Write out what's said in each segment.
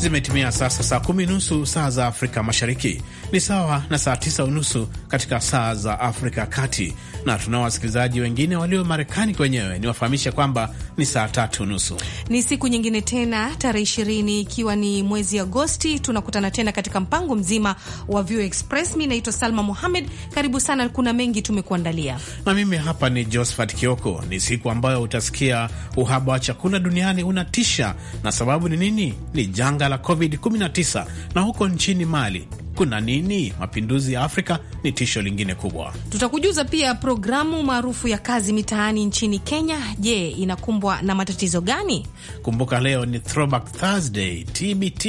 zimetimia sasa saa kumi nusu saa za Afrika Mashariki, ni sawa na saa tisa unusu katika saa za Afrika Kati, na tunao wasikilizaji wengine walio Marekani kwenyewe. Niwafahamishe kwamba ni saa tatu unusu. Ni siku nyingine tena, tarehe ishirini ikiwa ni mwezi Agosti, tunakutana tena katika mpango mzima wa View Express. Mi naitwa Salma Muhamed, karibu sana, kuna mengi tumekuandalia. Na mimi hapa ni Josephat Kioko. Ni siku ambayo utasikia uhaba wa chakula duniani unatisha, na sababu ni nini? Ni janga la COVID-19 na huko nchini Mali kuna nini? Mapinduzi ya Afrika ni tisho lingine kubwa. Tutakujuza pia programu maarufu ya kazi mitaani nchini Kenya, je, inakumbwa na matatizo gani? Kumbuka leo ni Throwback Thursday, TBT.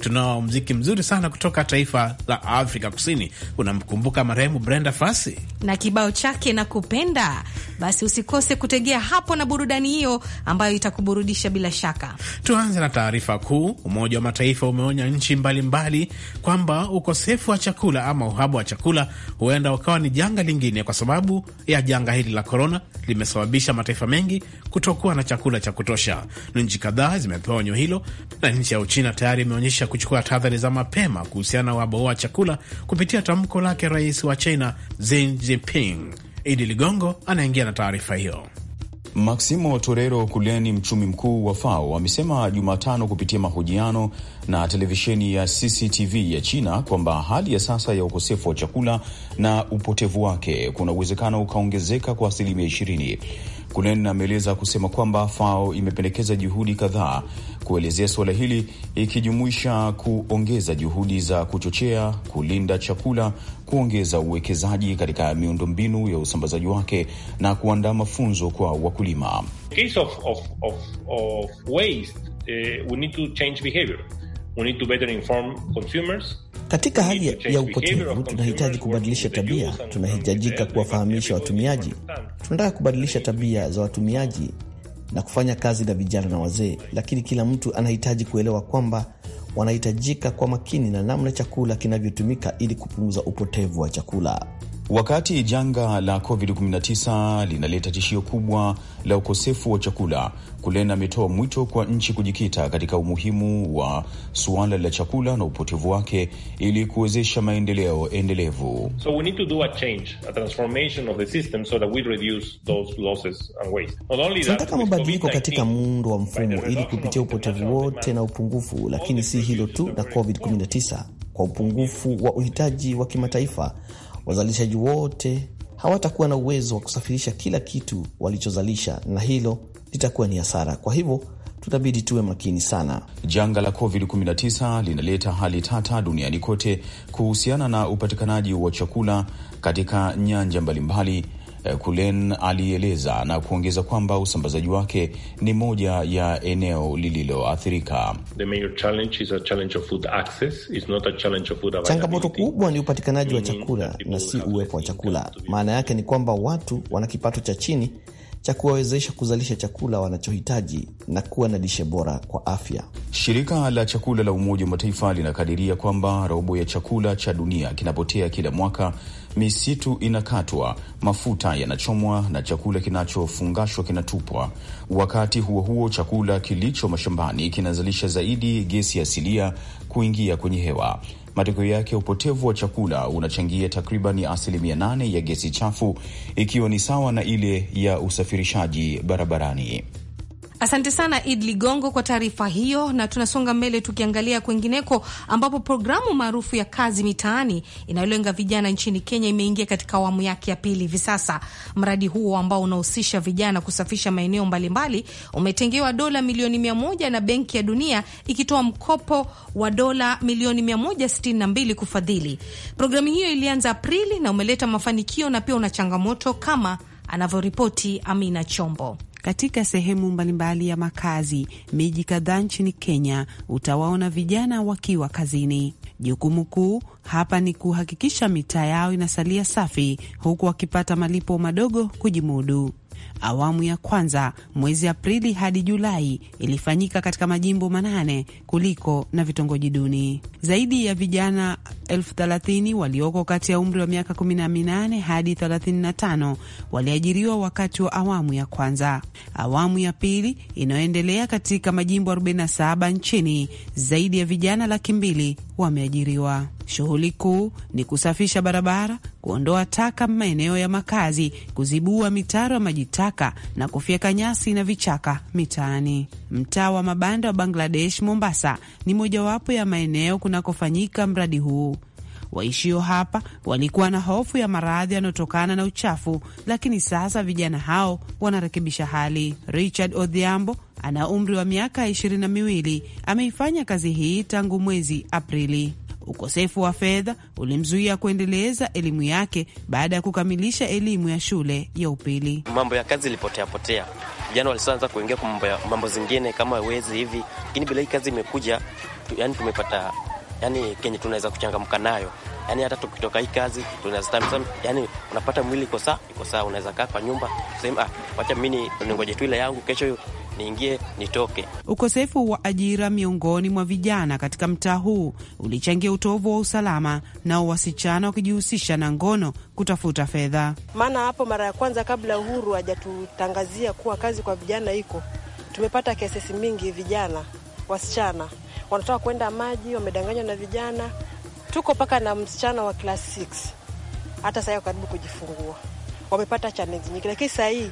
Tunao mziki mzuri sana kutoka taifa la Afrika Kusini. Unamkumbuka marehemu Brenda Fasi na kibao chake na kupenda. Basi usikose kutegea hapo na burudani hiyo ambayo itakuburudisha bila shaka. Tuanze na taarifa kuu. Umoja wa Mataifa umeonya nchi mbalimbali kwamba ukosefu wa chakula ama uhaba wa chakula huenda ukawa ni janga lingine, kwa sababu ya janga hili la korona limesababisha mataifa mengi kutokuwa na chakula cha kutosha. Nchi kadhaa zimepewa onyo hilo, na nchi ya Uchina tayari imeonyesha kuchukua tahadhari za mapema kuhusiana na uhaba wa chakula kupitia tamko lake rais wa China Xi Jinping. Idi Ligongo anaingia na taarifa hiyo. Maximo Torero Kuleni, mchumi mkuu wa FAO, amesema Jumatano kupitia mahojiano na televisheni ya CCTV ya China kwamba hali ya sasa ya ukosefu wa chakula na upotevu wake kuna uwezekano ukaongezeka kwa asilimia ishirini Kunen ameeleza kusema kwamba FAO imependekeza juhudi kadhaa kuelezea suala hili ikijumuisha kuongeza juhudi za kuchochea, kulinda chakula, kuongeza uwekezaji katika miundombinu ya usambazaji wake na kuandaa mafunzo kwa wakulima. Case of, of, of, of waste, uh, we need to change behavior. We need to better inform consumers. Katika hali ya upotevu, tunahitaji kubadilisha tabia, tunahitajika kuwafahamisha watumiaji. Tunataka kubadilisha tabia za watumiaji na kufanya kazi na vijana na wazee, lakini kila mtu anahitaji kuelewa kwamba wanahitajika kwa makini na namna chakula kinavyotumika ili kupunguza upotevu wa chakula. Wakati janga la COVID-19 linaleta tishio kubwa la ukosefu wa chakula, kulena ametoa mwito kwa nchi kujikita katika umuhimu wa suala la chakula na upotevu wake ili kuwezesha maendeleo endelevu. So we need to do a change, a transformation of the system so that we reduce those losses and waste. Tunataka mabadiliko katika muundo wa mfumo ili kupitia upotevu wote na upungufu, lakini si hilo tu na COVID-19, kwa upungufu wa uhitaji wa kimataifa Wazalishaji wote hawatakuwa na uwezo wa kusafirisha kila kitu walichozalisha, na hilo litakuwa ni hasara. Kwa hivyo tutabidi tuwe makini sana. Janga la COVID-19 linaleta hali tata duniani kote kuhusiana na upatikanaji wa chakula katika nyanja mbalimbali mbali. Eh, Kulen alieleza na kuongeza kwamba usambazaji wake ni moja ya eneo lililoathirika. Changamoto kubwa ni upatikanaji wa chakula na si uwepo wa chakula. Maana yake ni kwamba watu wana kipato cha chini cha kuwawezesha kuzalisha chakula wanachohitaji na kuwa na lishe bora kwa afya. Shirika la chakula la Umoja wa Mataifa linakadiria kwamba robo ya chakula cha dunia kinapotea kila mwaka. Misitu inakatwa, mafuta yanachomwa na chakula kinachofungashwa kinatupwa. Wakati huo huo, chakula kilicho mashambani kinazalisha zaidi gesi asilia kuingia kwenye hewa. Matokeo yake upotevu wa chakula unachangia takriban asilimia nane ya gesi chafu, ikiwa ni sawa na ile ya usafirishaji barabarani. Asante sana Id Ligongo kwa taarifa hiyo, na tunasonga mbele tukiangalia kwengineko, ambapo programu maarufu ya kazi mitaani inayolenga vijana nchini Kenya imeingia katika awamu yake ya pili hivi sasa. Mradi huo ambao unahusisha vijana kusafisha maeneo mbalimbali umetengewa dola milioni mia moja na Benki ya Dunia ikitoa mkopo wa dola milioni mia moja sitini na mbili kufadhili programu hiyo. Ilianza Aprili na umeleta mafanikio na pia una changamoto kama anavyoripoti Amina Chombo katika sehemu mbalimbali ya makazi. Miji kadhaa nchini Kenya utawaona vijana wakiwa kazini. Jukumu kuu hapa ni kuhakikisha mitaa yao inasalia safi, huku wakipata malipo madogo kujimudu. Awamu ya kwanza mwezi Aprili hadi Julai ilifanyika katika majimbo manane kuliko na vitongoji duni. Zaidi ya vijana elfu thelathini walioko kati ya umri wa miaka 18 hadi 35 waliajiriwa wakati wa awamu ya kwanza. Awamu ya pili inayoendelea katika majimbo 47 nchini, zaidi ya vijana laki mbili wameajiriwa. Shughuli kuu ni kusafisha barabara, kuondoa taka maeneo ya makazi, kuzibua mitaro ya maji taka na kufyeka nyasi na vichaka mitaani. Mtaa wa mabanda wa Bangladesh, Mombasa, ni mojawapo ya maeneo kunakofanyika mradi huu. Waishio hapa walikuwa na hofu ya maradhi yanayotokana na uchafu, lakini sasa vijana hao wanarekebisha hali. Richard Odhiambo ana umri wa miaka ishirini na miwili ameifanya kazi hii tangu mwezi Aprili. Ukosefu wa fedha ulimzuia kuendeleza elimu yake baada ya kukamilisha elimu ya shule ya upili. Mambo ya kazi ilipotea potea, vijana walianza kuingia kwa mambo mambo zingine kama wezi hivi, lakini bila hii kazi imekuja tu, yani tumepata yani kenye tunaweza kuchangamka nayo yani hata tukitoka hii kazi tunaweza yani, unapata mwili iko saa iko saa, unaweza kaa kwa nyumba sema ah, wacha mimi ningoje tu ile yangu, kesho niingie nitoke. Ukosefu wa ajira miongoni mwa vijana katika mtaa huu ulichangia utovu wa usalama, nao wasichana wakijihusisha na ngono kutafuta fedha. Maana hapo mara ya kwanza kabla uhuru hajatutangazia kuwa kazi kwa vijana iko, tumepata kesesi mingi, vijana wasichana wanatoka kwenda maji, wamedanganywa na vijana. Tuko mpaka na msichana wa class 6 hata sahii karibu kujifungua, wamepata challenge nyingi, lakini sahii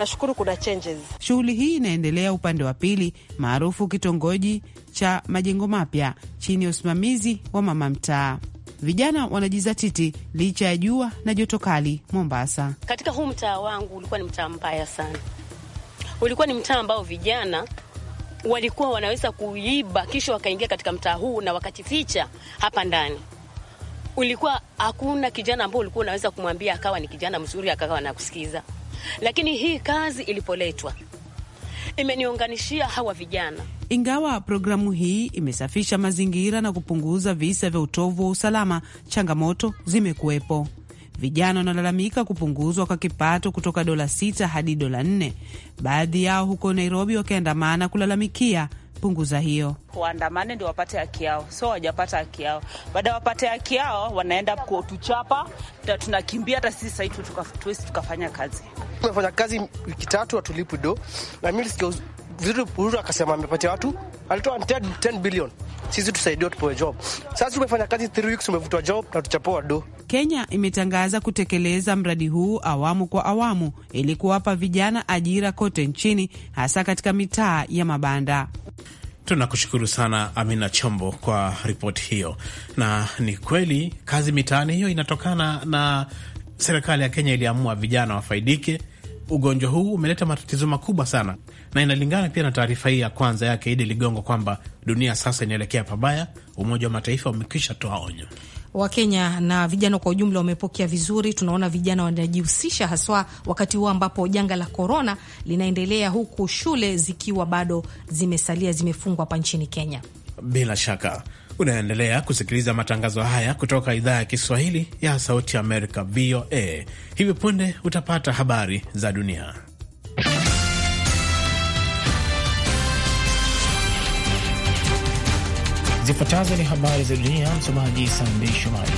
nashukuru kuna changes. Shughuli hii inaendelea upande wa pili maarufu kitongoji cha majengo mapya chini ya usimamizi wa mama mtaa. Vijana wanajizatiti licha ya jua na joto kali Mombasa. Katika huu mtaa wangu ulikuwa ni mtaa mbaya sana, ulikuwa ni mtaa ambao vijana walikuwa wanaweza kuiba kisha wakaingia katika mtaa huu na wakajificha hapa ndani. Ulikuwa hakuna kijana ambao ulikuwa unaweza kumwambia akawa ni kijana mzuri akawa nakusikiza lakini hii kazi ilipoletwa imeniunganishia hawa vijana. Ingawa programu hii imesafisha mazingira na kupunguza visa vya utovu wa usalama, changamoto zimekuwepo. Vijana wanalalamika kupunguzwa kwa kipato kutoka dola sita hadi dola nne. Baadhi yao huko Nairobi wakiandamana kulalamikia punguza hiyo, waandamane ndio wapate haki yao. So wajapata haki yao, baada ya wapate haki yao wanaenda kutuchapa, tunakimbia. Hata sisi sahii tuwezi tukafanya kazi, Tumefanya kazi wiki tatu, hatulipi do na mimi vizuri. Uhuru akasema amepatia watu, alitoa 10 bilioni, sisi tusaidiwe, tupewe job. Sasa tumefanya kazi 3 weeks, umevutwa job na tuchapoa do. Kenya imetangaza kutekeleza mradi huu awamu kwa awamu ili kuwapa vijana ajira kote nchini, hasa katika mitaa ya mabanda. Tunakushukuru sana Amina Chombo kwa ripoti hiyo. Na ni kweli kazi mitaani hiyo inatokana na serikali ya Kenya iliamua vijana wafaidike. Ugonjwa huu umeleta matatizo makubwa sana na inalingana pia na taarifa hii ya kwanza yake Idi Ligongo kwamba dunia sasa inaelekea pabaya. Umoja wa Mataifa umekwisha toa onyo. Wakenya na vijana kwa ujumla wamepokea vizuri. Tunaona vijana wanajihusisha haswa wakati huo ambapo janga la korona linaendelea, huku shule zikiwa bado zimesalia zimefungwa hapa nchini Kenya. Bila shaka unaendelea kusikiliza matangazo haya kutoka idhaa ya Kiswahili ya Sauti Amerika, VOA. Hivi punde utapata habari za dunia. Zifuatazo ni habari za dunia, msomaji Sandei Shomari.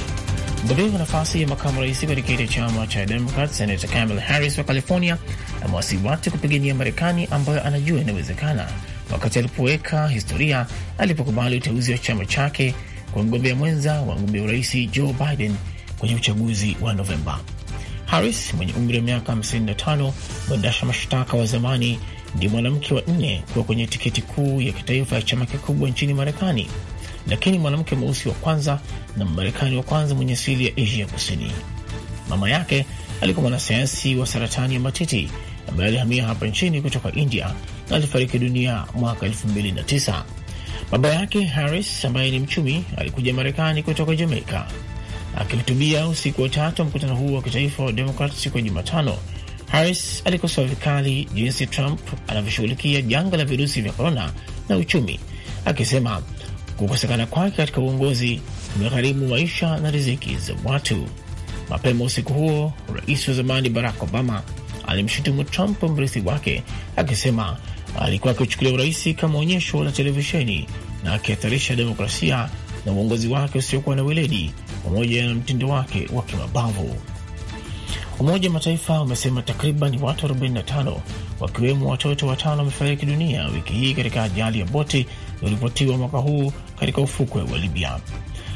Mgombea wa nafasi ya makamu rais katika ile chama cha Demokrat, senata Kamala Harris wa California amewasi watu kupigania Marekani ambayo anajua inawezekana, wakati alipoweka historia alipokubali uteuzi wa chama chake kwa mgombea mwenza wa mgombea urais Joe Biden kwenye uchaguzi wa Novemba. Harris mwenye umri wa miaka 55, mwendesha mashtaka wa zamani, ndiye mwanamke wa nne kuwa kwenye tiketi kuu ya kitaifa ya chama kikubwa nchini Marekani lakini mwanamke mweusi wa kwanza na Mmarekani wa kwanza mwenye asili ya Asia Kusini. Mama yake alikuwa mwanasayansi wa saratani ya matiti ambaye alihamia hapa nchini kutoka India na alifariki dunia mwaka 2009. Baba yake Harris ambaye ni mchumi alikuja Marekani kutoka jamaika Akihutubia usiku wa tatu wa mkutano huu wa kitaifa wa Demokrat siku ya Jumatano, Harris alikosoa vikali jinsi Trump anavyoshughulikia janga la virusi vya korona na uchumi, akisema Kukosekana kwake katika uongozi kumegharimu maisha na riziki za watu. Mapema usiku huo, rais wa zamani Barack Obama alimshutumu Trump, mrithi wake, akisema alikuwa akiuchukulia urais kama onyesho la televisheni na akihatarisha demokrasia na uongozi wake usiokuwa na weledi pamoja na mtindo wake wa kimabavu. Umoja wa Mataifa umesema takriban watu 45 wakiwemo watoto watano wamefariki dunia wiki hii katika ajali ya boti iliripotiwa mwaka huu katika ufukwe wa Libya.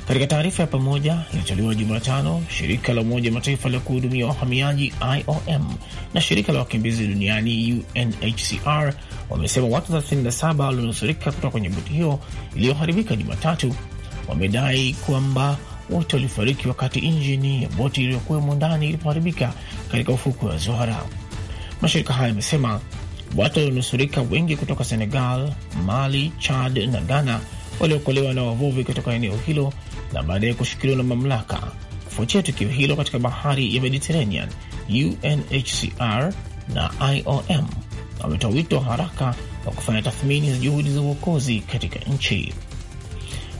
Katika taarifa ya pamoja iliyotolewa Jumatano, shirika la Umoja Mataifa la kuhudumia wahamiaji IOM na shirika la wakimbizi duniani UNHCR wamesema watu 37 walionusurika kutoka kwenye boti hiyo iliyoharibika Jumatatu wamedai kwamba wote walifariki wakati injini ya boti iliyokuwemo ndani ilipoharibika katika ufukwe wa Zohara. Mashirika hayo yamesema Watu walionusurika wengi kutoka Senegal, Mali, Chad na Ghana waliokolewa na wavuvi kutoka eneo hilo na baadaye kushikiliwa na mamlaka kufuatia tukio hilo katika bahari ya Mediterranean. UNHCR na IOM wametoa wito wa haraka wa kufanya tathmini za juhudi za uokozi katika nchi.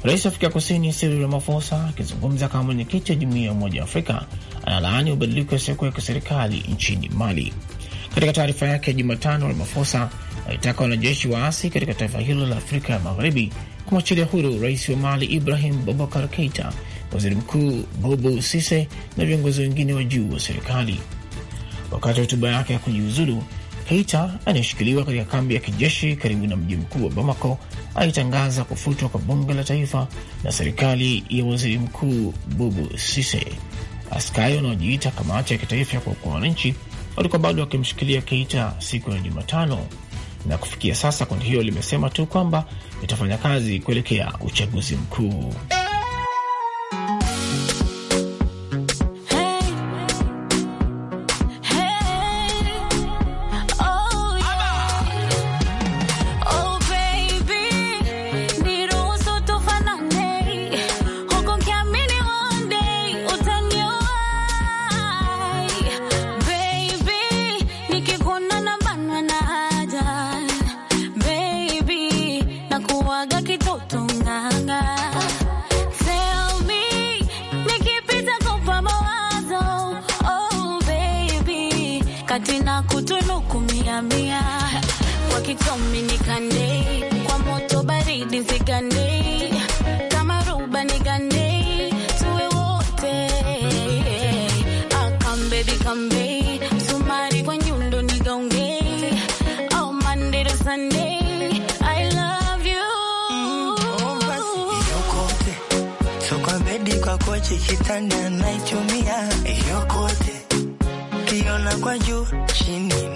Rais wa Afrika Kusini Cyril Ramaphosa akizungumza kama mwenyekiti wa Jumuiya ya Umoja wa Afrika analaani ubadiliko wa sekta ya kiserikali nchini Mali. Katika taarifa yake ya Jumatano, ramafosa alitaka wanajeshi waasi katika taifa hilo la Afrika ya Magharibi kumwachilia huru rais wa Mali Ibrahim bobakar Keita, waziri mkuu bobu Sise na viongozi wengine wa juu wa serikali. Wakati wa hotuba yake ya kujiuzulu, Keita anayeshikiliwa katika kambi ya kijeshi karibu na mji mkuu wa Bamako alitangaza kufutwa kwa bunge la taifa na serikali ya waziri mkuu bobu Sise. Askari wanaojiita kamati ya kitaifa ya kuokoa wananchi walikuwa bado wakimshikilia Keita siku ya Jumatano, na kufikia sasa kundi hilo limesema tu kwamba itafanya kazi kuelekea uchaguzi mkuu. kichomi nikande, kwa moto baridi zigande, kama ruba nigande, tuwe wote akambe ah, bikambe, msumari kwa nyundo nigonge, au oh, Monday to I love you mm, oh, soka bedi kwa kochi kitanda naichumia eh, yokote kiona kwa juu chini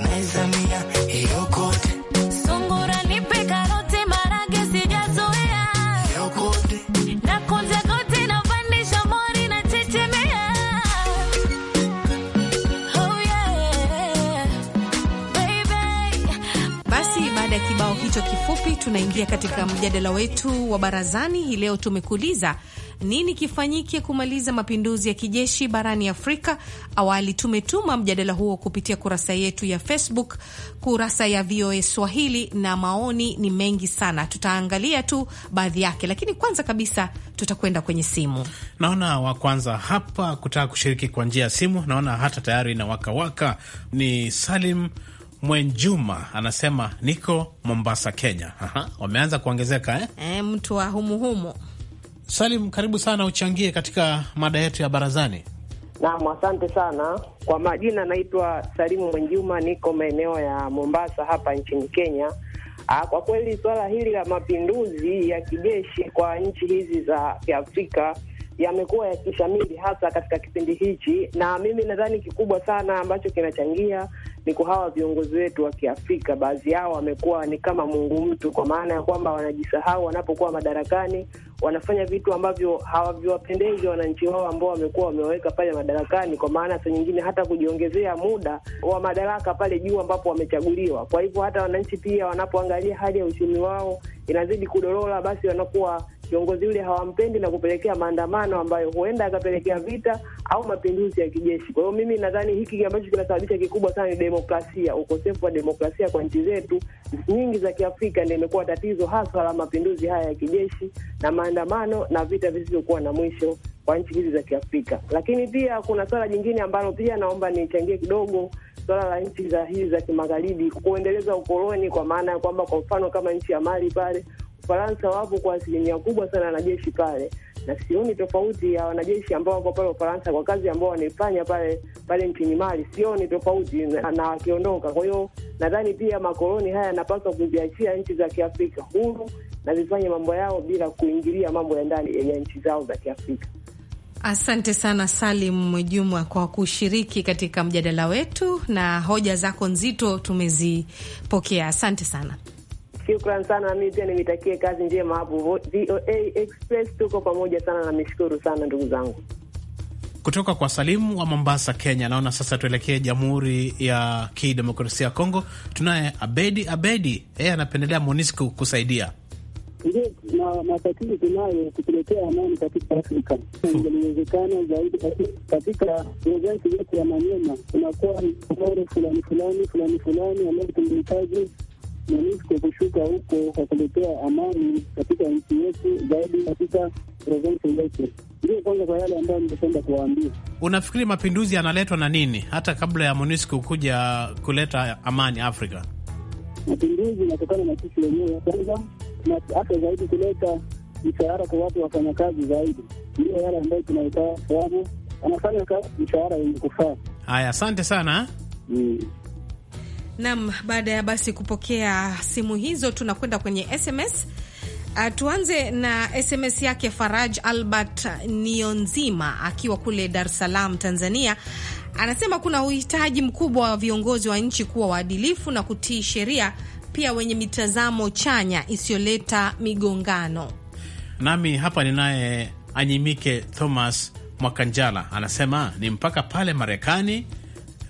basi, baada ya kibao hicho kifupi, tunaingia katika mjadala wetu wa barazani hii leo. Tumekuuliza nini kifanyike kumaliza mapinduzi ya kijeshi barani Afrika. Awali tumetuma mjadala huo kupitia kurasa yetu ya Facebook, kurasa ya VOA Swahili, na maoni ni mengi sana. Tutaangalia tu baadhi yake, lakini kwanza kabisa tutakwenda kwenye simu. Naona wa kwanza hapa kutaka kushiriki kwa njia ya simu, naona hata tayari na wakawaka waka. Ni Salim Mwenjuma anasema niko Mombasa, Kenya. Aha, wameanza kuongezeka eh? E, mtu wa humuhumu. Salim, karibu sana uchangie katika mada yetu ya barazani. Naam, asante sana kwa majina. Naitwa Salimu Mwenjuma, niko maeneo ya Mombasa hapa nchini Kenya. Aa, ah, kwa kweli suala hili la mapinduzi ya kijeshi kwa nchi hizi za Kiafrika yamekuwa yakishamili hasa katika kipindi hichi, na mimi nadhani kikubwa sana ambacho kinachangia ni kwa hawa viongozi wetu wa Kiafrika, baadhi yao wamekuwa ni kama Mungu mtu, kwa maana ya kwamba wanajisahau wanapokuwa madarakani, wanafanya vitu ambavyo hawaviwapendezi wananchi wao ambao wamekuwa wamewaweka pale madarakani, kwa maana saa nyingine hata kujiongezea muda wa madaraka pale juu ambapo wamechaguliwa. Kwa hivyo hata wananchi pia wanapoangalia hali ya uchumi wao inazidi kudorora, basi wanakuwa kiongozi yule hawampendi na kupelekea maandamano ambayo huenda akapelekea vita au mapinduzi ya kijeshi. Kwa hiyo mimi nadhani hiki ambacho kinasababisha kikubwa sana ni demokrasia, ukosefu wa demokrasia kwa nchi zetu nyingi za Kiafrika ndio imekuwa tatizo haswa la mapinduzi haya ya kijeshi na maandamano na vita visivyokuwa na mwisho kwa nchi hizi za Kiafrika. Lakini pia kuna swala jingine ambalo pia naomba nichangie kidogo, swala la nchi za hizi za kimagharibi kuendeleza ukoloni, kwa maana ya kwamba, kwa mfano kama nchi ya Mali pale Ufaransa wapo kwa asilimia kubwa sana wanajeshi pale, na sioni tofauti ya wanajeshi ambao wako pale Ufaransa kwa kazi ambao wanaifanya pale pale nchini Mali, sioni tofauti na wakiondoka. Kwa hiyo nadhani pia makoloni haya yanapaswa kuziachia nchi za Kiafrika huru na zifanye mambo yao bila kuingilia mambo ya ndani ya nchi zao za Kiafrika. Asante sana Salim mwejuma kwa kushiriki katika mjadala wetu, na hoja zako nzito tumezipokea. Asante sana. Shukran sana, mimi pia nimitakie kazi njema hapo VOA Express. Tuko pamoja sana na mishukuru sana ndugu zangu kutoka kwa Salimu wa Mombasa, Kenya. Naona sasa tuelekee Jamhuri ya Kidemokrasia ya Kongo. Tunaye Abedi Abedi, yeye anapendelea MONUSCO kusaidia na matatizo tunayo kutuletea amani katika Afrika. Ingeliwezekana zaidi katika provensi yetu ya Manyema, kunakuwa mgogoro fulani fulani fulani fulani ambao tunahitaji MONUSCO kushuka huko kwa kuletea amani katika nchi yetu, zaidi katika provensi yetu. Ndio kwanza kwa yale ambayo ningependa kuwaambia. Unafikiri mapinduzi yanaletwa na nini, hata kabla ya MONUSCO kuja kuleta amani Afrika? Mapinduzi inatokana na sisi wenyewe kwanza, na hata zaidi kuleta mishahara kwa watu wafanyakazi zaidi, ndio yale ambayo tunaitaa sababu anafanya mishahara yenye kufaa. Haya, asante sana eh? mm. Nam, baada ya basi kupokea simu hizo, tunakwenda kwenye SMS. Uh, ah, tuanze na SMS yake Faraj Albert Nionzima akiwa kule Dar es Salaam, Tanzania. Anasema kuna uhitaji mkubwa wa viongozi wa nchi kuwa waadilifu na kutii sheria, pia wenye mitazamo chanya isiyoleta migongano. Nami hapa ninaye Anyimike Thomas Mwakanjala, anasema ni mpaka pale Marekani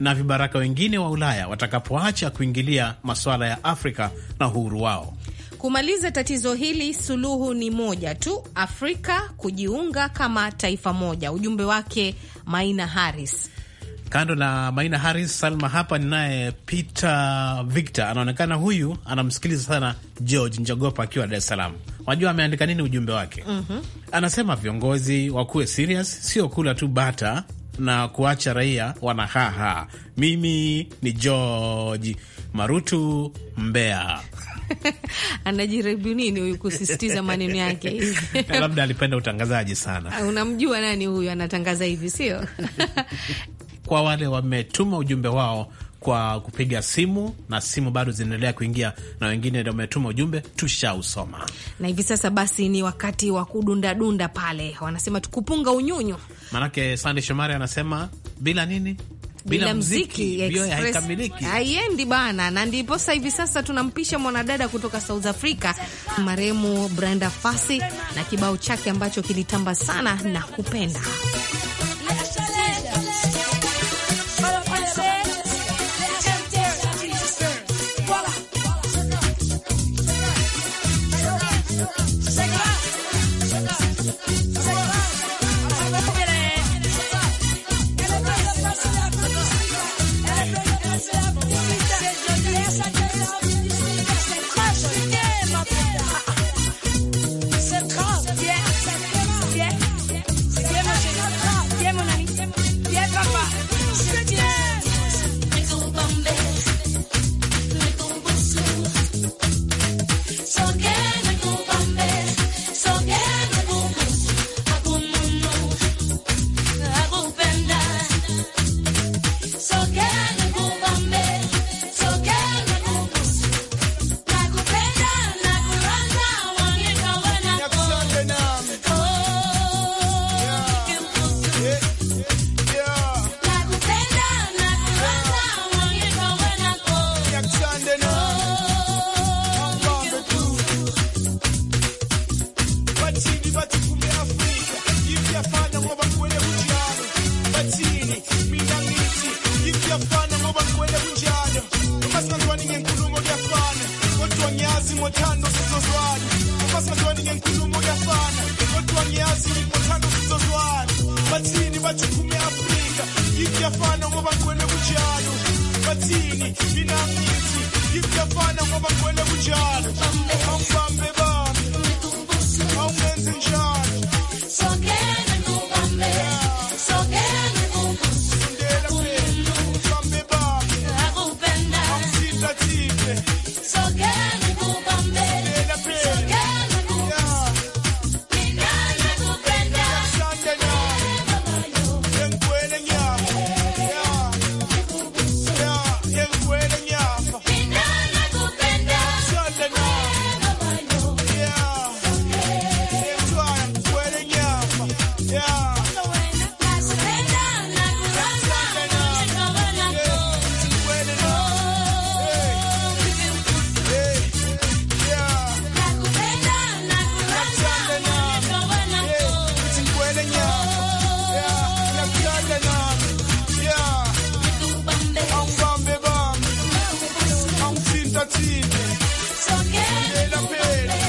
na vibaraka wengine wa Ulaya watakapoacha kuingilia masuala ya Afrika na uhuru wao. Kumaliza tatizo hili, suluhu ni moja tu, Afrika kujiunga kama taifa moja. Ujumbe wake Maina Harris. Kando na Maina Harris, Salma, hapa ninaye Peter Victor, anaonekana huyu anamsikiliza sana George Njogopa akiwa Dar es Salaam. ameandika nini ujumbe wake? mm -hmm. Anasema viongozi wakuwe serious, sio kula tu bata na kuacha raia wanahaha. Mimi ni George Marutu Mbea. Anajirebu nini huyu kusisitiza maneno yake? Labda alipenda utangazaji sana. Ah, unamjua nani huyu anatangaza hivi, sio? Kwa wale wametuma ujumbe wao kwa kupiga simu na simu bado zinaendelea kuingia, na wengine ndio wametuma ujumbe tushausoma. Na hivi sasa basi ni wakati wa kudundadunda pale, wanasema tukupunga unyunyu, maanake Sande Shomari anasema bila nini bila, bila mziki haikamiliki, haiendi bana. Na ndiposa hivi sasa tunampisha mwanadada kutoka South Africa, marehemu Brenda Fassie na kibao chake ambacho kilitamba sana na kupenda représentative de la paix.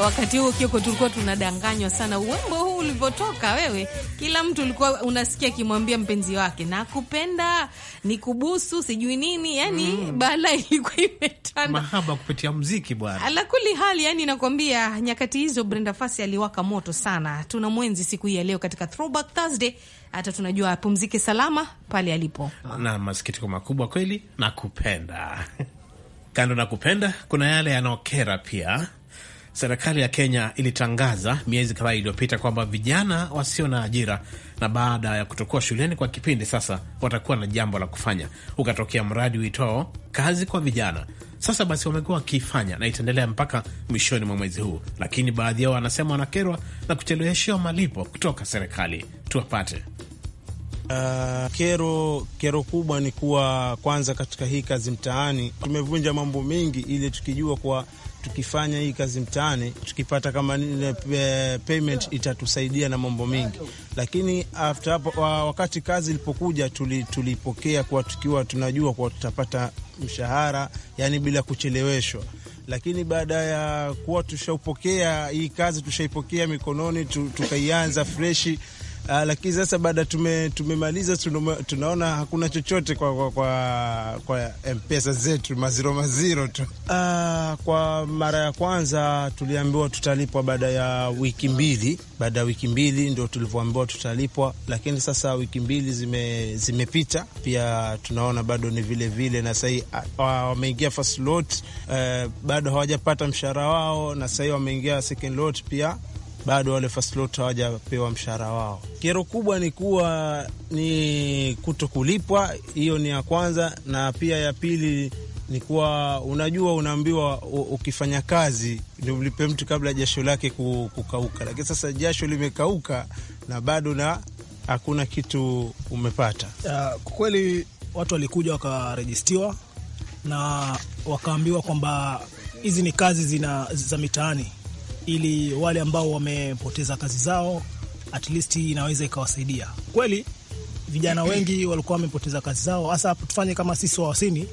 Wakati huo Kioko, tulikuwa tunadanganywa sana. Uwembo huu ulivyotoka wewe, kila mtu ulikuwa unasikia akimwambia mpenzi wake nakupenda, nikubusu, sijui nini, yani mm. Bala ilikuwa imetanda mahaba kupitia mziki bwana. kuli hali, yani nakwambia, nyakati hizo Brenda Fasi aliwaka moto sana. Tuna mwenzi siku hii ya leo katika Throwback Thursday hata tunajua apumzike salama pale alipo, na masikitiko makubwa kweli. Nakupenda kando na kupenda, kuna yale yanaokera pia serikali ya Kenya ilitangaza miezi kadhaa iliyopita kwamba vijana wasio na ajira na baada ya kutokuwa shuleni kwa kipindi sasa watakuwa na jambo la kufanya, ukatokea mradi uitao kazi kwa vijana. Sasa basi wamekuwa wakiifanya na itaendelea mpaka mwishoni mwa mwezi huu, lakini baadhi yao wanasema wanakerwa na kucheleweshewa malipo kutoka serikali. Tuwapate. Uh, kero kero kubwa ni kuwa kwanza, katika hii kazi mtaani tumevunja mambo mengi, ili tukijua kuwa tukifanya hii kazi mtaani, tukipata kama eh, payment itatusaidia na mambo mengi. Lakini after hapo, wakati kazi ilipokuja, tulipokea kwa tukiwa tunajua kwa tutapata mshahara, yani bila kucheleweshwa lakini baada ya kuwa tushaupokea hii kazi tushaipokea mikononi, tukaianza freshi Uh, lakini sasa baada tume, tumemaliza tunuma, tunaona hakuna chochote kwa, kwa, kwa, kwa mpesa zetu maziro maziro tu. Uh, kwa mara ya kwanza tuliambiwa tutalipwa baada ya wiki mbili, baada ya wiki mbili ndio tulivyoambiwa tutalipwa, lakini sasa wiki mbili zime, zimepita pia tunaona bado ni vile vile, na sahii ah, wameingia first lot uh, bado hawajapata mshahara wao, na sahii wameingia second lot pia bado wale first hawajapewa mshahara wao. Kero kubwa ni kuwa ni kuto kulipwa, hiyo ni ya kwanza, na pia ya pili ni kuwa unajua, unaambiwa ukifanya kazi ni ulipe mtu kabla jasho lake kukauka, lakini sasa jasho limekauka na bado na hakuna kitu umepata. Kwa kweli watu walikuja wakarejistiwa na wakaambiwa kwamba hizi ni kazi zina za mitaani ili wale ambao wamepoteza kazi zao at least inaweza ikawasaidia. Kweli vijana wengi walikuwa wamepoteza kazi zao, hasa tufanye kama sisi wawasini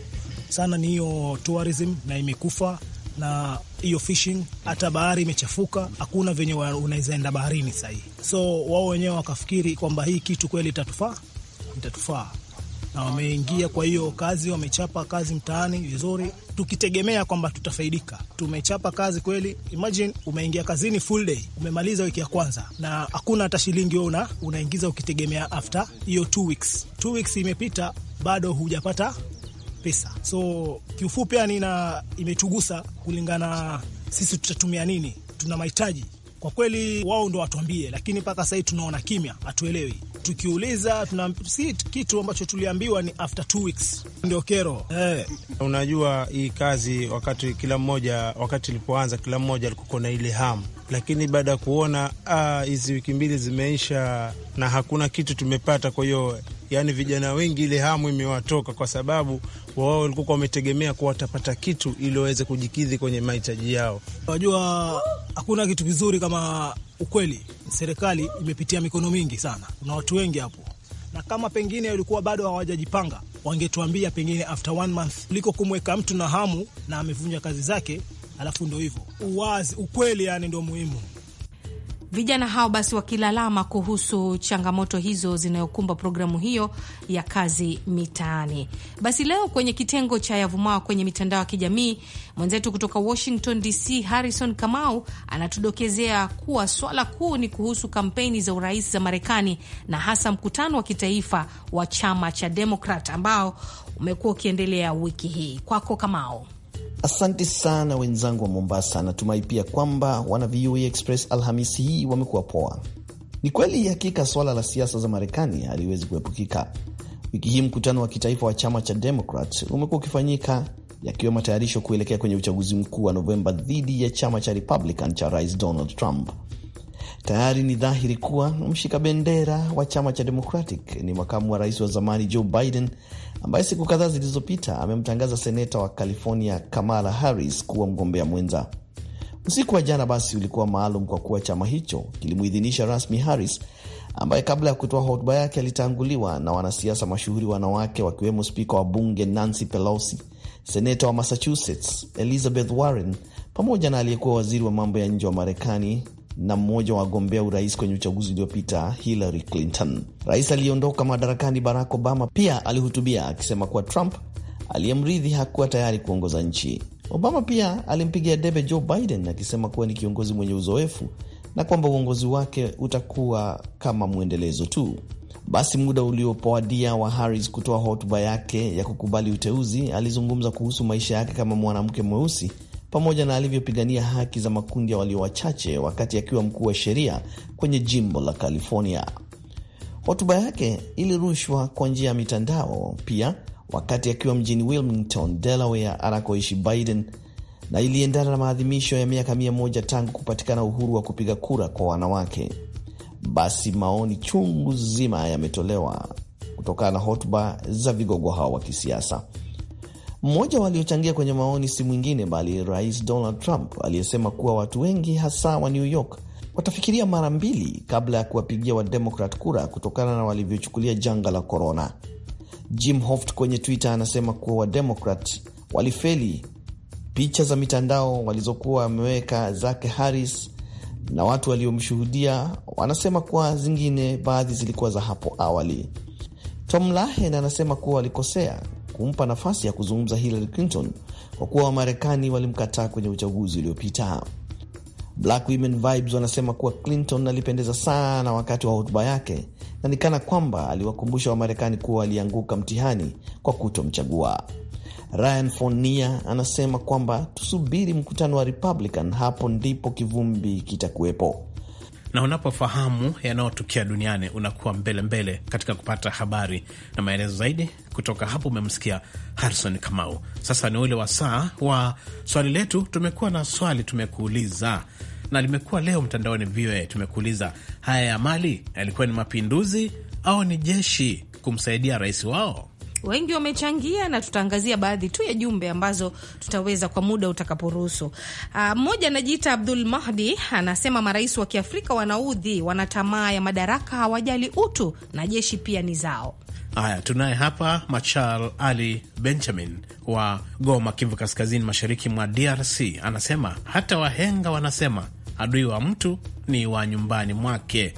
sana, ni hiyo tourism na imekufa na hiyo fishing, hata bahari imechafuka, hakuna venye unaweza enda baharini sahii. So wao wenyewe wakafikiri kwamba hii kitu kweli itatufaa, itatufaa na wameingia. Kwa hiyo kazi wamechapa kazi mtaani vizuri, tukitegemea kwamba tutafaidika. Tumechapa kazi kweli. Imagine umeingia kazini full day, umemaliza wiki ya kwanza na hakuna hata shilingi una, unaingiza ukitegemea after hiyo two weeks. Two weeks imepita bado hujapata pesa. So kiufupi, yani imetugusa kulingana sisi tutatumia nini, tuna mahitaji kwa kweli wao ndo watuambie, lakini mpaka sahii tunaona kimya, hatuelewi. Tukiuliza tuna si kitu ambacho tuliambiwa ni after two weeks, ndio kero eh. Unajua hii kazi wakati kila mmoja wakati ilipoanza kila mmoja alikuwa na ile hamu, lakini baada ya kuona ah, hizi wiki mbili zimeisha na hakuna kitu tumepata, kwa hiyo yani vijana wengi ile hamu imewatoka kwa sababu wao walikuwa wametegemea kuwa watapata kitu ili waweze kujikidhi kwenye mahitaji yao. Unajua, hakuna kitu kizuri kama ukweli. Serikali imepitia mikono mingi sana, kuna watu wengi hapo, na kama pengine walikuwa bado hawajajipanga wangetuambia pengine after one month, kuliko kumweka mtu na hamu na amevunja kazi zake, alafu ndo hivyo. Uwazi, ukweli, yani ndo muhimu. Vijana hao basi wakilalama kuhusu changamoto hizo zinayokumba programu hiyo ya kazi mitaani. Basi leo kwenye kitengo cha yavumaa kwenye mitandao ya kijamii, mwenzetu kutoka Washington DC Harrison Kamau anatudokezea kuwa swala kuu ni kuhusu kampeni za urais za Marekani na hasa mkutano wa kitaifa wa chama cha Demokrat ambao umekuwa ukiendelea wiki hii. Kwako Kamau. Asante sana wenzangu wa Mombasa, natumai pia kwamba wana VOA Express Alhamisi hii wamekuwa poa. Ni kweli hakika, swala la siasa za Marekani haliwezi kuepukika. Wiki hii mkutano wa kitaifa wa chama cha Demokrat umekuwa ukifanyika yakiwa matayarisho kuelekea kwenye uchaguzi mkuu wa Novemba dhidi ya chama cha Republican cha Rais Donald Trump. Tayari ni dhahiri kuwa mshika bendera wa chama cha Democratic ni makamu wa rais wa zamani Joe Biden, ambaye siku kadhaa zilizopita amemtangaza seneta wa California Kamala Harris kuwa mgombea mwenza. Usiku wa jana basi ulikuwa maalum kwa kuwa chama hicho kilimuidhinisha rasmi Harris, ambaye kabla ya kutoa hotuba yake alitanguliwa na wanasiasa mashuhuri wanawake, wakiwemo spika wa bunge Nancy Pelosi, seneta wa Massachusetts Elizabeth Warren, pamoja na aliyekuwa waziri wa mambo ya nje wa Marekani na mmoja wa wagombea urais kwenye uchaguzi uliopita Hillary Clinton. Rais aliyeondoka madarakani Barack Obama pia alihutubia akisema kuwa Trump aliyemrithi hakuwa tayari kuongoza nchi. Obama pia alimpigia debe Joe Biden akisema kuwa ni kiongozi mwenye uzoefu na kwamba uongozi wake utakuwa kama mwendelezo tu. Basi muda uliopoadia wa Harris kutoa hotuba yake ya kukubali uteuzi, alizungumza kuhusu maisha yake kama mwanamke mweusi pamoja na alivyopigania haki za makundi ya walio wachache wakati akiwa mkuu wa sheria kwenye jimbo la California. Hotuba yake ilirushwa kwa njia ya mitandao pia wakati akiwa mjini Wilmington, Delaware, anakoishi Biden, na iliendana na maadhimisho ya miaka mia moja tangu kupatikana uhuru wa kupiga kura kwa wanawake. Basi maoni chungu zima yametolewa kutokana na hotuba za vigogo hao wa kisiasa. Mmoja waliochangia kwenye maoni si mwingine bali Rais Donald Trump aliyesema kuwa watu wengi hasa wa New York watafikiria mara mbili kabla ya kuwapigia Wademokrat kura kutokana na walivyochukulia janga la korona. Jim Hoft kwenye Twitter anasema kuwa Wademokrat walifeli. Picha za mitandao walizokuwa wameweka zake Harris na watu waliomshuhudia wanasema kuwa zingine baadhi zilikuwa za hapo awali. Tom Lahen anasema kuwa walikosea kumpa nafasi ya kuzungumza Hillary Clinton kwa kuwa Wamarekani walimkataa kwenye uchaguzi uliopita. Black Women Vibes wanasema kuwa Clinton alipendeza sana wakati wa hotuba yake na ni kana kwamba aliwakumbusha Wamarekani kuwa alianguka mtihani kwa kutomchagua. Ryan fonia anasema kwamba tusubiri mkutano wa Republican, hapo ndipo kivumbi kitakuwepo na unapofahamu yanayotukia duniani unakuwa mbele mbele katika kupata habari na maelezo zaidi. Kutoka hapo umemsikia Harison Kamau. Sasa ni ule wasaa wa swali letu. Tumekuwa na swali tumekuuliza na limekuwa leo mtandaoni VOA. Tumekuuliza, haya ya mali yalikuwa ni mapinduzi au ni jeshi kumsaidia rais wao? wengi wamechangia, na tutaangazia baadhi tu ya jumbe ambazo tutaweza kwa muda utakaporuhusu. Ah, mmoja anajiita Abdul Mahdi anasema marais wa Kiafrika wanaudhi, wana tamaa ya madaraka, hawajali utu na jeshi pia ni zao. Haya, tunaye hapa machal Ali Benjamin wa Goma, Kivu Kaskazini, mashariki mwa DRC, anasema hata wahenga wanasema adui wa mtu ni wa nyumbani mwake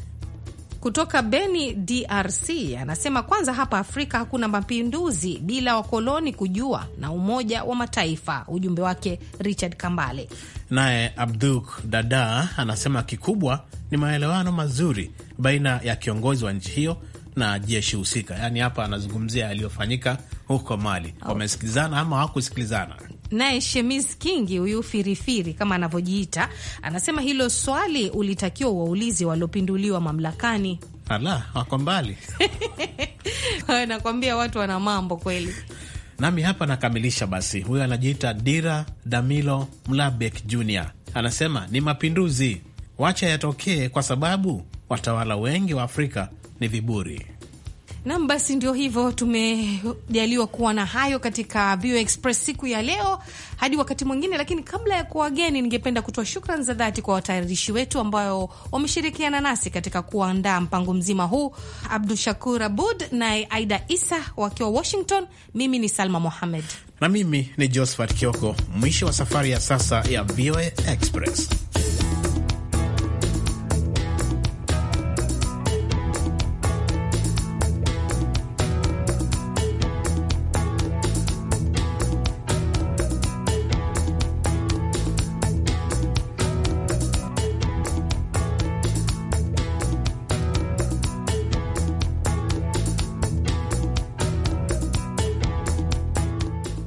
kutoka Beni, DRC, anasema kwanza, hapa Afrika hakuna mapinduzi bila wakoloni kujua na Umoja wa Mataifa. Ujumbe wake Richard Kambale. Naye Abduk Dada anasema kikubwa ni maelewano mazuri baina ya kiongozi wa nchi hiyo na jeshi husika. Yaani hapa anazungumzia yaliyofanyika huko Mali, oh. wamesikilizana ama hawakusikilizana. Naye Shemis Kingi huyu firifiri kama anavyojiita anasema hilo swali ulitakiwa waulizi waliopinduliwa mamlakani. Ala, wako mbali nakwambia, watu wana mambo kweli. Nami hapa nakamilisha basi. Huyo anajiita Dira Damilo Mlabek Jr anasema ni mapinduzi, wacha yatokee, kwa sababu watawala wengi wa Afrika ni viburi. Nam, basi ndio hivyo, tumejaliwa kuwa na hayo katika Vio Express siku ya leo hadi wakati mwingine. Lakini kabla ya kuwageni, ningependa kutoa shukrani za dhati kwa watayarishi wetu ambao wameshirikiana nasi katika kuandaa mpango mzima huu, Abdu Shakur Abud naye Aida Isa wakiwa Washington. Mimi ni Salma Mohamed na mimi ni Josphat Kioko. Mwisho wa safari ya sasa ya VOA Express.